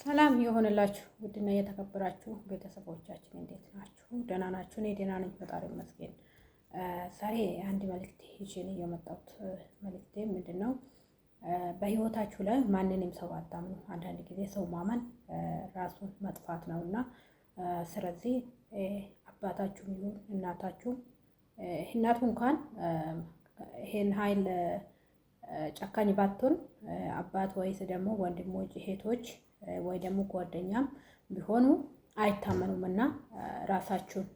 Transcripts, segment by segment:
ሰላም የሆነላችሁ ውድና የተከበራችሁ ቤተሰቦቻችን እንዴት ናችሁ? ደህና ናችሁ? እኔ ደህና ነኝ፣ ፈጣሪ ይመስገን። ዛሬ አንድ መልእክት ይዤ ነው የመጣሁት። መልእክቴ ምንድን ነው? በህይወታችሁ ላይ ማንንም ሰው አታምኑ። አንዳንድ ጊዜ ሰው ማመን ራሱን መጥፋት ነው እና ስለዚህ አባታችሁም ይሁን እናታችሁም እናቱ እንኳን ይሄን ሀይል ጨካኝ ባትሆን አባት ወይስ ደግሞ ወንድሞች እህቶች ወይ ደግሞ ጓደኛም ቢሆኑ አይታመኑም እና ራሳችሁን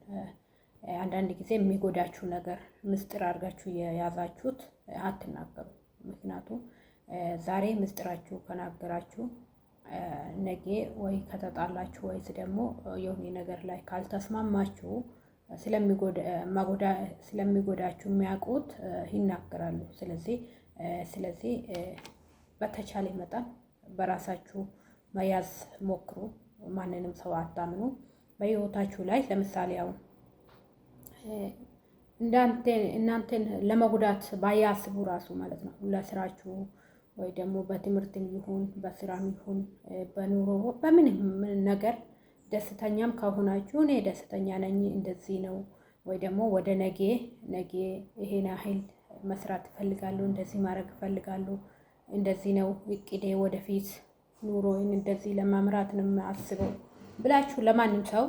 አንዳንድ ጊዜ የሚጎዳችሁ ነገር ምስጢር አድርጋችሁ የያዛችሁት አትናገሩ። ምክንያቱም ዛሬ ምስጢራችሁ ከናገራችሁ ነጌ ወይ ከተጣላችሁ ወይስ ደግሞ የሆነ ነገር ላይ ካልተስማማችሁ ስለሚጎዳችሁ የሚያውቁት ይናገራሉ። ስለዚህ ስለዚህ በተቻለ መጠን በራሳችሁ መያዝ ሞክሩ። ማንንም ሰው አታምኑ። በህይወታችሁ ላይ ለምሳሌ አሁን እናንተን ለመጉዳት ባያስቡ ራሱ ማለት ነው ለስራችሁ ወይ ደግሞ በትምህርትም ይሁን በስራም ይሁን በኑሮ በምንም ነገር ደስተኛም ከሆናችሁ እኔ ደስተኛ ነኝ እንደዚህ ነው ወይ ደግሞ ወደ ነጌ ነጌ ይሄን ያህል መስራት እፈልጋለሁ፣ እንደዚህ ማድረግ እፈልጋለሁ፣ እንደዚህ ነው እቅዴ ወደፊት ኑሮዬን እንደዚህ ለመምራት ነው የማስበው ብላችሁ ለማንም ሰው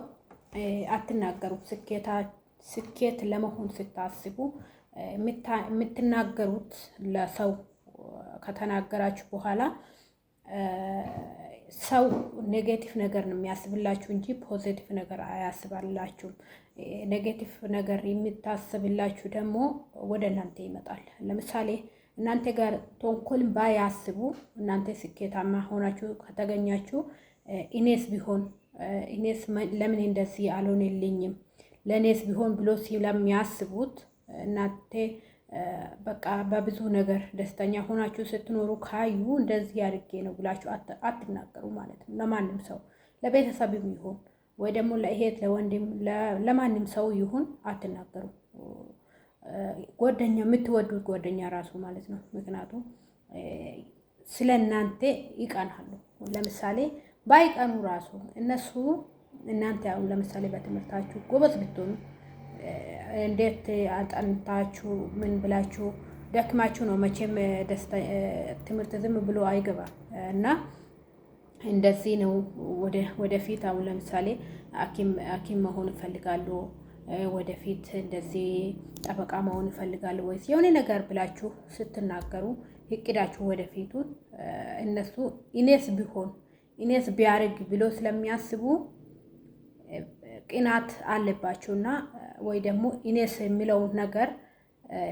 አትናገሩ። ስኬት ለመሆን ስታስቡ የምትናገሩት ለሰው ከተናገራችሁ በኋላ ሰው ኔጌቲቭ ነገር ነው የሚያስብላችሁ እንጂ ፖዘቲቭ ነገር አያስባላችሁም። ኔጌቲቭ ነገር የሚታስብላችሁ ደግሞ ወደ እናንተ ይመጣል። ለምሳሌ እናንተ ጋር ተንኮልን ባያስቡ እናንተ ስኬታማ ሆናችሁ ከተገኛችሁ እኔስ ቢሆን እኔስ ለምን እንደዚህ አልሆንልኝም ለእኔስ ቢሆን ብሎ ስለሚያስቡት እናንተ በቃ በብዙ ነገር ደስተኛ ሆናችሁ ስትኖሩ ካዩ እንደዚህ አድርጌ ነው ብላችሁ አትናገሩ ማለት ነው። ለማንም ሰው ለቤተሰብም ይሁን ወይ ደግሞ ለእህት ለወንድም፣ ለማንም ሰው ይሁን አትናገሩ። ጓደኛ የምትወዱት ጓደኛ ራሱ ማለት ነው። ምክንያቱም ስለ እናንተ ይቀናሉ። ለምሳሌ ባይቀኑ ራሱ እነሱ እናንተ አሁን ለምሳሌ በትምህርታችሁ ጎበዝ ብትሆኑ እንዴት አጠንታችሁ ምን ብላችሁ ደክማችሁ ነው መቼም ደስታ ትምህርት ዝም ብሎ አይገባም እና እንደዚህ ነው። ወደፊት አሁን ለምሳሌ ሐኪም መሆን እፈልጋለሁ ወደፊት እንደዚህ ጠበቃ መሆን እፈልጋለሁ ወይስ የሆነ ነገር ብላችሁ ስትናገሩ እቅዳችሁ ወደፊቱ እነሱ ኢኔስ ቢሆን ኢኔስ ቢያደርግ ብሎ ስለሚያስቡ ቅናት አለባችሁ እና ወይ ደግሞ ኢኔስ የሚለው ነገር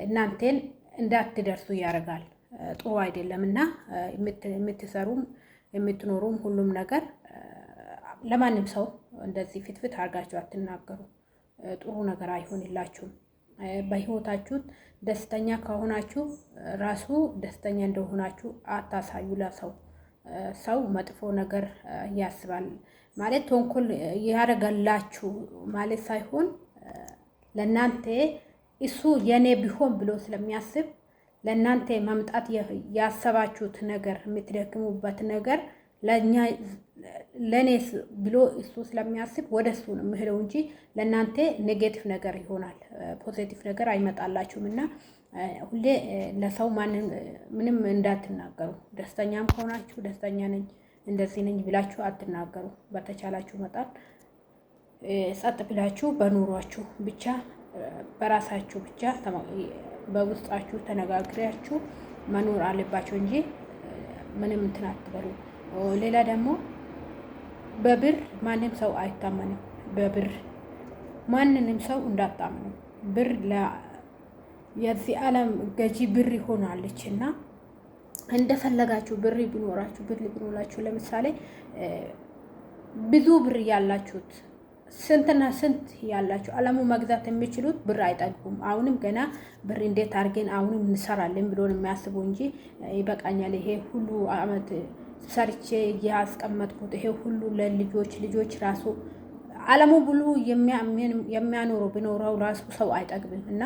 እናንተን እንዳትደርሱ ያደርጋል። ጥሩ አይደለም እና የምትሰሩም የምትኖሩም ሁሉም ነገር ለማንም ሰው እንደዚህ ፊትፊት አድርጋችሁ አትናገሩም። ጥሩ ነገር አይሆንላችሁም። በህይወታችሁ ደስተኛ ከሆናችሁ ራሱ ደስተኛ እንደሆናችሁ አታሳዩ ለሰው። ሰው መጥፎ ነገር ያስባል ማለት ተንኮል ያደረገላችሁ ማለት ሳይሆን ለእናንተ እሱ የኔ ቢሆን ብሎ ስለሚያስብ ለእናንተ መምጣት ያሰባችሁት ነገር የምትደክሙበት ነገር ለእኛ ለእኔስ ብሎ እሱ ስለሚያስብ ወደ እሱ ነው የምሄደው እንጂ ለእናንተ ኔጌቲቭ ነገር ይሆናል፣ ፖዘቲቭ ነገር አይመጣላችሁም። እና ሁሌ ለሰው ምንም እንዳትናገሩ። ደስተኛም ከሆናችሁ ደስተኛ ነኝ እንደዚህ ነኝ ብላችሁ አትናገሩ። በተቻላችሁ መጣን ጸጥ ብላችሁ በኑሯችሁ ብቻ በራሳችሁ ብቻ በውስጣችሁ ተነጋግሪያችሁ መኖር አለባቸው እንጂ ምንም እንትን አትበሉ። ሌላ ደግሞ በብር ማንም ሰው አይታመንም። በብር ማንንም ሰው እንዳጣምኑ ብር የዚህ ዓለም ገዢ ብር ይሆናለች እና እንደፈለጋችሁ ብር ቢኖራችሁ ብር ቢኖራችሁ ለምሳሌ ብዙ ብር ያላችሁት ስንትና ስንት ያላችሁ አለሙ መግዛት የሚችሉት ብር አይጠግቡም። አሁንም ገና ብር እንዴት አድርገን አሁንም እንሰራለን ብሎን የሚያስቡ እንጂ ይበቃኛል ይሄ ሁሉ አመት ሰርቼ ያስቀመጥኩት ይሄ ሁሉ ለልጆች ልጆች ራሱ አለሙ ብሉ የሚያኖሩ ቢኖረው ራሱ ሰው አይጠግብም እና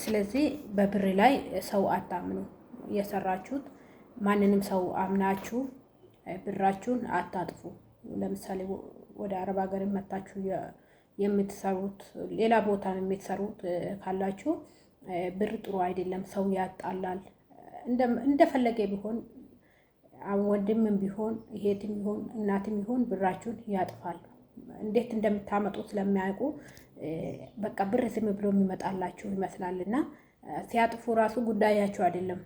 ስለዚህ በብር ላይ ሰው አታምኑ። የሰራችሁት ማንንም ሰው አምናችሁ ብራችሁን አታጥፉ። ለምሳሌ ወደ አረብ ሀገር መታችሁ የምትሰሩት ሌላ ቦታ የምትሰሩት ካላችሁ ብር ጥሩ አይደለም፣ ሰው ያጣላል። እንደፈለገ ቢሆን ወንድምም ቢሆን እህትም ይሁን እናትም ይሁን ብራችሁን ያጥፋሉ። እንዴት እንደምታመጡ ስለሚያውቁ በቃ ብር ዝም ብሎ የሚመጣላችሁ እና ሲያጥፉ ራሱ ጉዳያቸው አይደለም።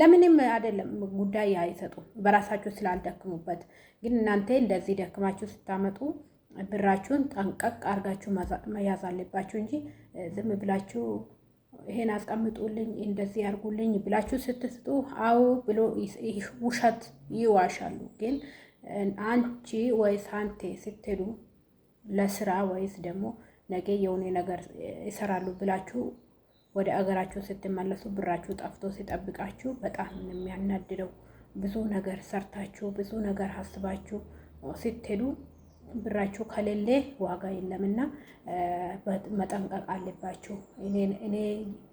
ለምንም አይደለም ጉዳይ አይሰጡም፣ በራሳችሁ ስላልደክሙበት። ግን እናንተ እንደዚህ ደክማችሁ ስታመጡ ብራችሁን ጠንቀቅ አድርጋችሁ መያዝ አለባችሁ እንጂ ዝም ብላችሁ ይሄን አስቀምጡልኝ እንደዚህ ያርጉልኝ ብላችሁ ስትስጡ አው ብሎ ውሸት ይዋሻሉ። ግን አንቺ ወይስ አንቴ ስትሉ ለስራ ወይስ ደግሞ ነገ የሆነ ነገር ይሰራሉ ብላችሁ ወደ አገራችሁ ስትመለሱ ብራችሁ ጠፍቶ ሲጠብቃችሁ በጣም የሚያናድደው ብዙ ነገር ሰርታችሁ ብዙ ነገር አስባችሁ ስትሄዱ ብራችሁ ከሌለ ዋጋ የለምና መጠንቀቅ አለባችሁ። እኔ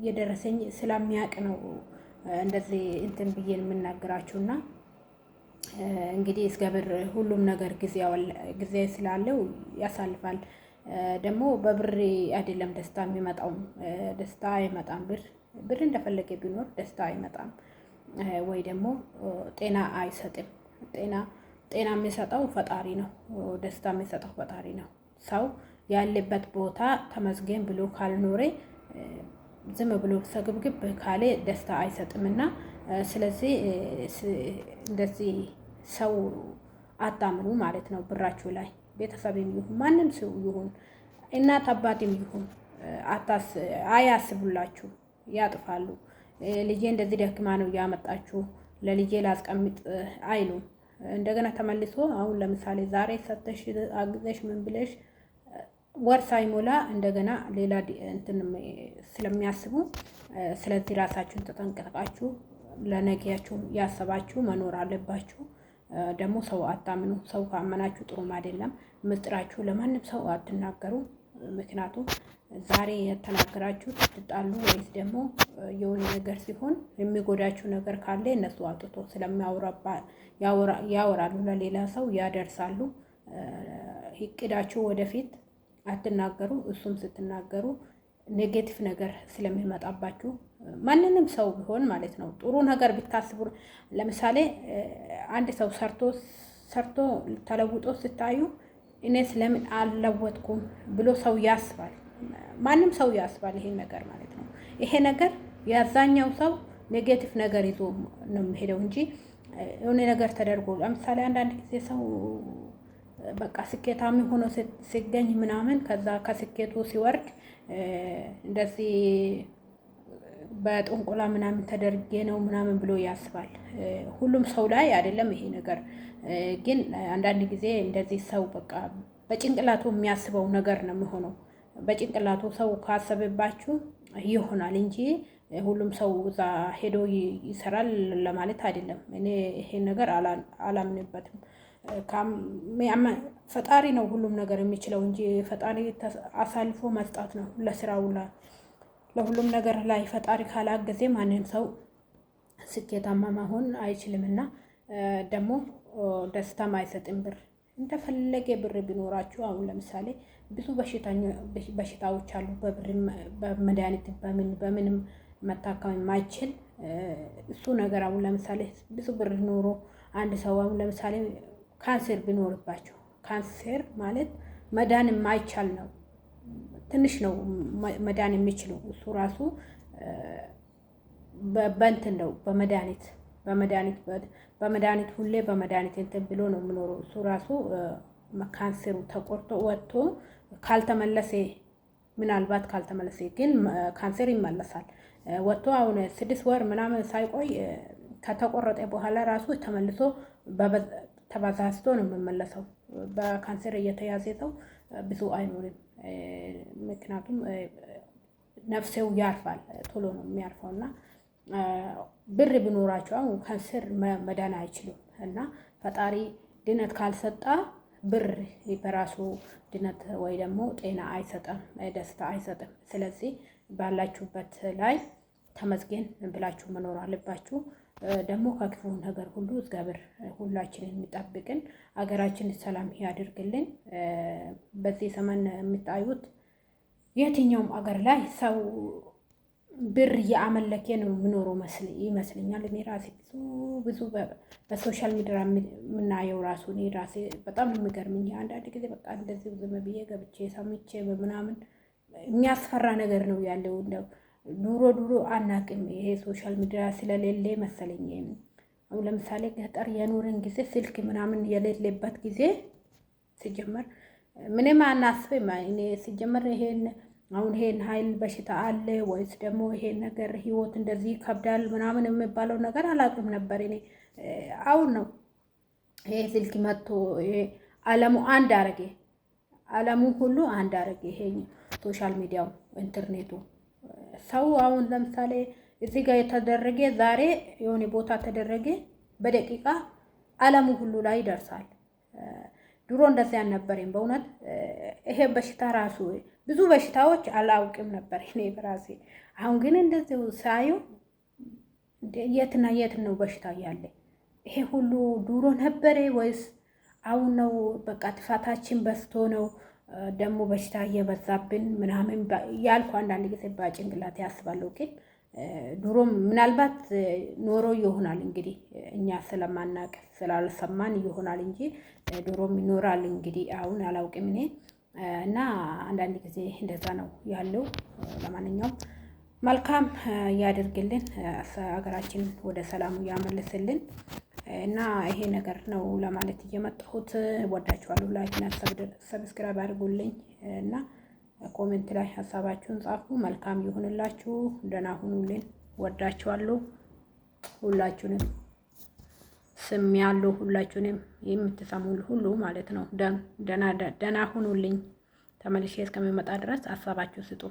የደረሰኝ ስለሚያውቅ ነው እንደዚህ እንትን ብዬ የምናገራችሁና እንግዲህ እስከብር ሁሉም ነገር ጊዜ ስላለው ያሳልፋል። ደግሞ በብር አይደለም ደስታ የሚመጣውም ደስታ አይመጣም። ብር ብር እንደፈለገ ቢኖር ደስታ አይመጣም፣ ወይ ደግሞ ጤና አይሰጥም ጤና ጤና የሚሰጠው ፈጣሪ ነው። ደስታ የሚሰጠው ፈጣሪ ነው። ሰው ያለበት ቦታ ተመዝገን ብሎ ካልኖረ ዝም ብሎ ሰግብግብ ካለ ደስታ አይሰጥምና፣ ስለዚህ እንደዚህ ሰው አታምኑ ማለት ነው። ብራችሁ ላይ ቤተሰብም ይሁን ማንም ሰው ይሁን እናት አባትም ይሁን አያስቡላችሁ፣ ያጥፋሉ። ልጄ እንደዚህ ደክማ ነው እያመጣችሁ ለልጄ ላስቀምጥ አይሉም። እንደገና ተመልሶ አሁን ለምሳሌ ዛሬ ሰተሽ አግዘሽ ምን ብለሽ ወር ሳይሞላ እንደገና ሌላ እንትን ስለሚያስቡ ስለዚህ ራሳችሁን ተጠንቀቃችሁ ለነገያችሁ ያሰባችሁ መኖር አለባችሁ። ደግሞ ሰው አታምኑ። ሰው ካመናችሁ ጥሩም አይደለም። ምስጢራችሁ ለማንም ሰው አትናገሩ። ምክንያቱም ዛሬ የተናገራችሁ ትጣሉ ወይስ ደግሞ የሆነ ነገር ሲሆን የሚጎዳችሁ ነገር ካለ እነሱ አውጥቶ ስለሚያወራባ ያወራሉ፣ ለሌላ ሰው ያደርሳሉ። እቅዳችሁ ወደፊት አትናገሩ። እሱም ስትናገሩ ኔጌቲቭ ነገር ስለሚመጣባችሁ ማንንም ሰው ቢሆን ማለት ነው። ጥሩ ነገር ብታስቡ፣ ለምሳሌ አንድ ሰው ሰርቶ ሰርቶ ተለውጦ ስታዩ እኔ ስለምን አልለወጥኩም ብሎ ሰው ያስባል። ማንም ሰው ያስባል ይሄን ነገር ማለት ነው። ይሄ ነገር የአብዛኛው ሰው ኔጌቲቭ ነገር ይዞ ነው የሚሄደው እንጂ የሆነ ነገር ተደርጎ ለምሳሌ አንዳንድ ጊዜ ሰው በቃ ስኬታሚ ሆኖ ሲገኝ ምናምን ከዛ ከስኬቱ ሲወርድ እንደዚህ በጥንቁላ ምናምን ተደርጌ ነው ምናምን ብሎ ያስባል። ሁሉም ሰው ላይ አይደለም ይሄ ነገር ግን አንዳንድ ጊዜ እንደዚህ ሰው በቃ በጭንቅላቱ የሚያስበው ነገር ነው የሚሆነው። በጭንቅላቱ ሰው ካሰበባችሁ ይሆናል እንጂ ሁሉም ሰው እዛ ሄዶ ይሰራል ለማለት አይደለም። እኔ ይሄን ነገር አላምንበትም። ፈጣሪ ነው ሁሉም ነገር የሚችለው እንጂ ፈጣሪ አሳልፎ መስጣት ነው ለስራው ለሁሉም ነገር ላይ ፈጣሪ ካላገዜ ማንም ሰው ስኬታማ መሆን አይችልም እና ደግሞ ደስታም አይሰጥም ብር እንደፈለገ ብር ቢኖራችሁ አሁን ለምሳሌ ብዙ በሽታዎች አሉ። በብር በመድኃኒት በምን በምንም መታከም የማይችል እሱ ነገር አሁን ለምሳሌ ብዙ ብር ኖሮ አንድ ሰው አሁን ለምሳሌ ካንሰር ቢኖርባቸው ካንሰር ማለት መዳን የማይቻል ነው። ትንሽ ነው መዳን የሚችለው እሱ ራሱ በንትን ነው በመድኃኒት በመድኃኒት በመድኃኒት ሁሌ በመድኃኒት እንትን ብሎ ነው የምኖረው። እሱ ራሱ ካንሰሩ ተቆርጦ ወጥቶ ካልተመለሰ ምናልባት ካልተመለሰ ግን ካንሰር ይመለሳል። ወጥቶ አሁን ስድስት ወር ምናምን ሳይቆይ ከተቆረጠ በኋላ ራሱ ተመልሶ ተበዛዝቶ ነው የምመለሰው። በካንሰር እየተያዘ ሰው ብዙ አይኖርም። ምክንያቱም ነፍሴው ያርፋል፣ ቶሎ ነው የሚያርፈው እና ብር ብኖራቸው ከስር መዳን አይችሉም እና ፈጣሪ ድነት ካልሰጣ ብር በራሱ ድነት ወይ ደግሞ ጤና አይሰጥም፣ ደስታ አይሰጥም። ስለዚህ ባላችሁበት ላይ ተመስገን ብላችሁ መኖር አለባችሁ። ደግሞ ከክፉ ነገር ሁሉ እግዚአብሔር ሁላችንን የሚጠብቅን አገራችን ሰላም ያድርግልን። በዚህ ዘመን የምታዩት የትኛውም አገር ላይ ሰው ብር እያመለኬ ነው የምኖረው ይመስለኛል። እኔ ራሴ ብዙ ብዙ በሶሻል ሚዲያ የምናየው ራሱ እኔ ራሴ በጣም የሚገርምኝ አንዳንድ ጊዜ በቃ እንደዚህ ዝም ብዬ ገብቼ ሰምቼ በምናምን የሚያስፈራ ነገር ነው ያለው። እንደው ዱሮ ዱሮ አናቅም ይሄ ሶሻል ሚዲያ ስለሌለ መሰለኝ። አሁን ለምሳሌ ገጠር የኖርን ጊዜ ስልክ ምናምን የሌለበት ጊዜ ሲጀመር ምንም አናስብም። እኔ ሲጀመር ይሄን አሁን ይሄን ኃይል በሽታ አለ ወይስ ደግሞ ይሄ ነገር ህይወት እንደዚህ ይከብዳል ምናምን የሚባለው ነገር አላውቅም ነበር እኔ። አሁን ነው ይሄ ስልክ መጥቶ አለሙ አንድ አረገ፣ አለሙ ሁሉ አንድ አረጌ ይሄ ሶሻል ሚዲያው ኢንተርኔቱ ሰው አሁን ለምሳሌ እዚህ ጋር የተደረገ ዛሬ የሆነ ቦታ ተደረገ በደቂቃ አለሙ ሁሉ ላይ ይደርሳል። ድሮ እንደዚያ አልነበረም በእውነት ይሄ በሽታ ራሱ ብዙ በሽታዎች አላውቅም ነበር እኔ በራሴ። አሁን ግን እንደዚሁ ሳዩ የትና የት ነው በሽታ ያለ? ይሄ ሁሉ ዱሮ ነበረ ወይስ አሁን ነው? በቃ ጥፋታችን በዝቶ ነው ደግሞ በሽታ እየበዛብን ምናምን ያልኩ አንዳንድ ጊዜ በጭንቅላት ያስባለሁ። ግን ድሮም ምናልባት ኖሮ ይሆናል እንግዲህ እኛ ስለማናቅ ስላልሰማን ይሆናል እንጂ ዱሮም ይኖራል እንግዲህ አሁን አላውቅም እኔ እና አንዳንድ ጊዜ እንደዛ ነው ያለው። ለማንኛውም መልካም ያደርግልን፣ ሀገራችን ወደ ሰላሙ ያመልስልን እና ይሄ ነገር ነው ለማለት እየመጣሁት ወዳችኋለሁ። ላይክና ሰብስክራይብ አድርጉልኝ እና ኮሜንት ላይ ሀሳባችሁን ጻፉ። መልካም ይሁንላችሁ። ደህና ሁኑልን። ወዳችኋለሁ ሁላችሁንም። ስም ያለው ሁላችሁንም የምትሰሙል ሁሉ ማለት ነው። ደና ደና ሁኑልኝ። ተመልሼ እስከሚመጣ ድረስ ሀሳባችሁ ስጡ።